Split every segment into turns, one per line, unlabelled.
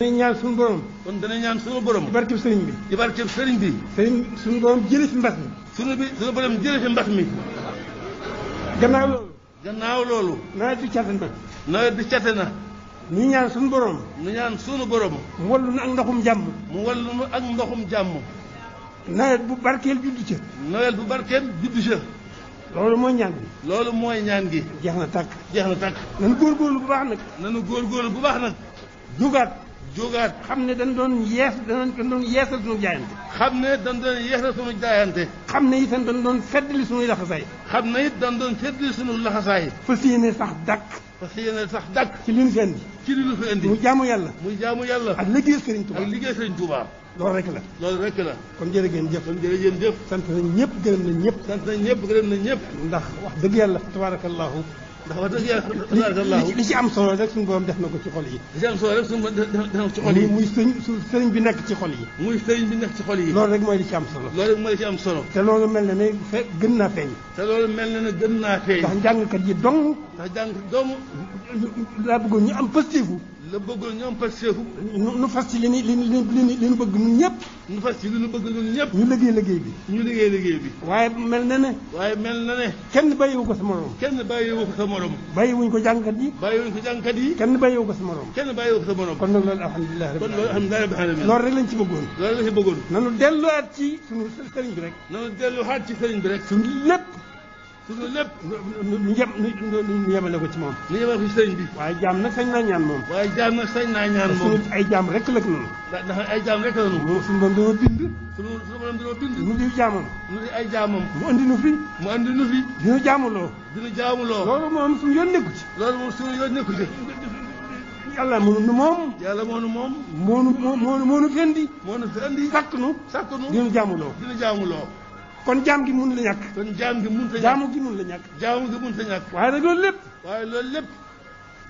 danañ ñaan suñu borom kon danañ ñaan suñu borom ci barkeb sëriñ bi ci barkeb sëriñ bi sëriñ suñu bi suñu borom jële fi mbas mi gannaaw loolu gannaaw loolu nawet bi cate na nawet bi cate na ñu ñaan suñu borom ñu ñaan suñu borom mu wallu nu ak ndoxum jàmm mu wallu nu ak ndoxum jàmm nawet bu barkeel juddu ca nawet bu barkeel juddu ca loolu mooy ñaan gi loolu mooy ñaan gi jeex na tàkk jeex na tàkk nanu góorgóorlu bu baax nag nanu góorgóorlu bu baax nag jugaat jógaat xam ne dañ doon yees danañ dañ doon yeesal suñu jaayante xam ne dañ doon yeesal suñu jaayante xam ne itam dañ doon feddali suñuy laxasaay xam ne it dañ doon feddali suñu laxasaay fas yéene sax dàkk fas yéene sax dàkk ci li ñu fi indi ci li ñu fi indi muy jaamu yàlla muy jaamu yàlla ak liggéey sëriñ Touba ak liggéey sëriñ Touba loolu rek la loolu rek la kon jërë ngeen jëf kon jërë ngeen jëf sant nañ ñëpp gërëm nañ ñëpp sant nañ ñëpp gërëm nañ ñëpp ndax wax dëgg yàlla tabarakallahu ndax wax dëgg yàlla li ci am solo rek suñu borom def na ko ci xol yi li ci am solo rek suñu borom def na muy sëriñ bi nekk ci xol yi muy sëriñ xol yi loolu rek mooy li ci am solo loolu rek solo te loolu mel na ne fe gën naa feeñ te loolu mel na ne gën naa feeñ ndax njàngkat yi dong ndax jàng dong laa bëggoon ñu am positif la bëggoon ñu am pasteefu nu fas ci li ni li li ci li nu bëgg ñun liggéey bi ñu liggéey liggéey bi waaye mel na ne waaye mel na ne kenn bàyyiwu ko sa morom kenn bàyyiwu ko sa morom bàyyiwuñ ko jàngkat yi bàyyiwuñ ko jàngkat yi kenn bàyyiwu ko sa morom kenn bàyyiwu ko sa morom kon nag loolu alhamdulilah kon loolu alhamdulilah rabbil alamin loolu rek lañ ci bëggoon loolu nanu delluwaat ci ci sëriñ bi rek suñu lépp loolu lépp ñu yemale ko ci moom ñu yemale ko ci sëriñ bi waaye jaam nag sañ naa ñaan moom waaye jaam nag sañ naa ñaan moom ay jaam rek la noonu ndax ay jaam rek la noonu suñu borom dañoo bind mu di jaamam mu di ay jaamam mu nu fi mu andi nu fi dina jaamuloo dina jaamuloo loolu moom suñu yoon nekku ci loolu moom suñu yoon nekku ci yàlla moo nu moom yàlla moo nu moom moo nu moo nu moo nu fi andi moo nu fi nu sàkk nu dina jaamuloo dina jaamuloo kon jaam gi mun la ñàkk. kon jaam gi mun la ñàkk jaamu gi mun la ñàkk. jaamu gi mun la lépp. waaye loolu lépp.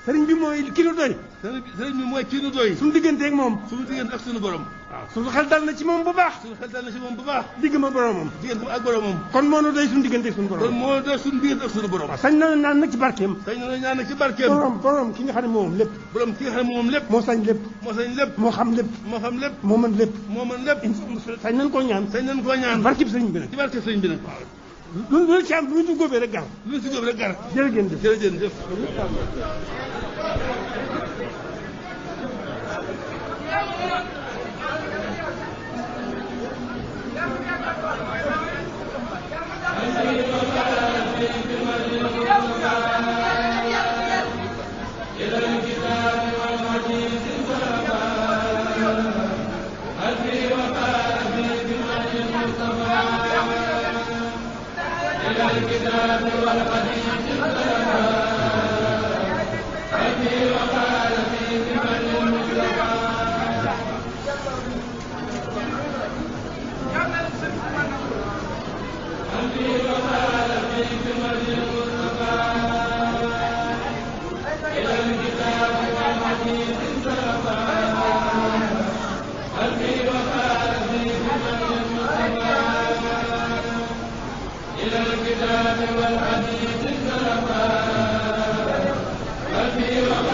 sëriñ bi mooy ki nu doy sëriñ bi mooy ki nu doy suñu digganteeg moom suñu diggante ak suñu borom waaw suñu xel dal na ci moom bu baax suñu xel dal na ci moom bu baax digg ma boromam diggante ak boromam kon moo nu doy suñu diggante ak suñu borom kon moo doy suñu diggante ak suñu borom waaw sañ na naan nag ci barkeem sañ na naan nag ci barkeem borom borom ki nga xam ne moom lépp borom ki nga xam ne moom lépp moo sañ lépp moo sañ lépp moo xam lépp moo xam lépp moo mën lépp moo mën lépp sañ nañ koo ñaan sañ nañ koo ñaan barkeb sëriñ bi nag ci barkeb sëriñ bi nag lu lu ci am lu ñu góobee rek gar. lu ñu si góobee rek gar. jërëjëf jërëjëf. إلى الكتاب والحديث البلاغ عندي وقالتي بمن المصطفى الكتاب والحديث الزمان ما في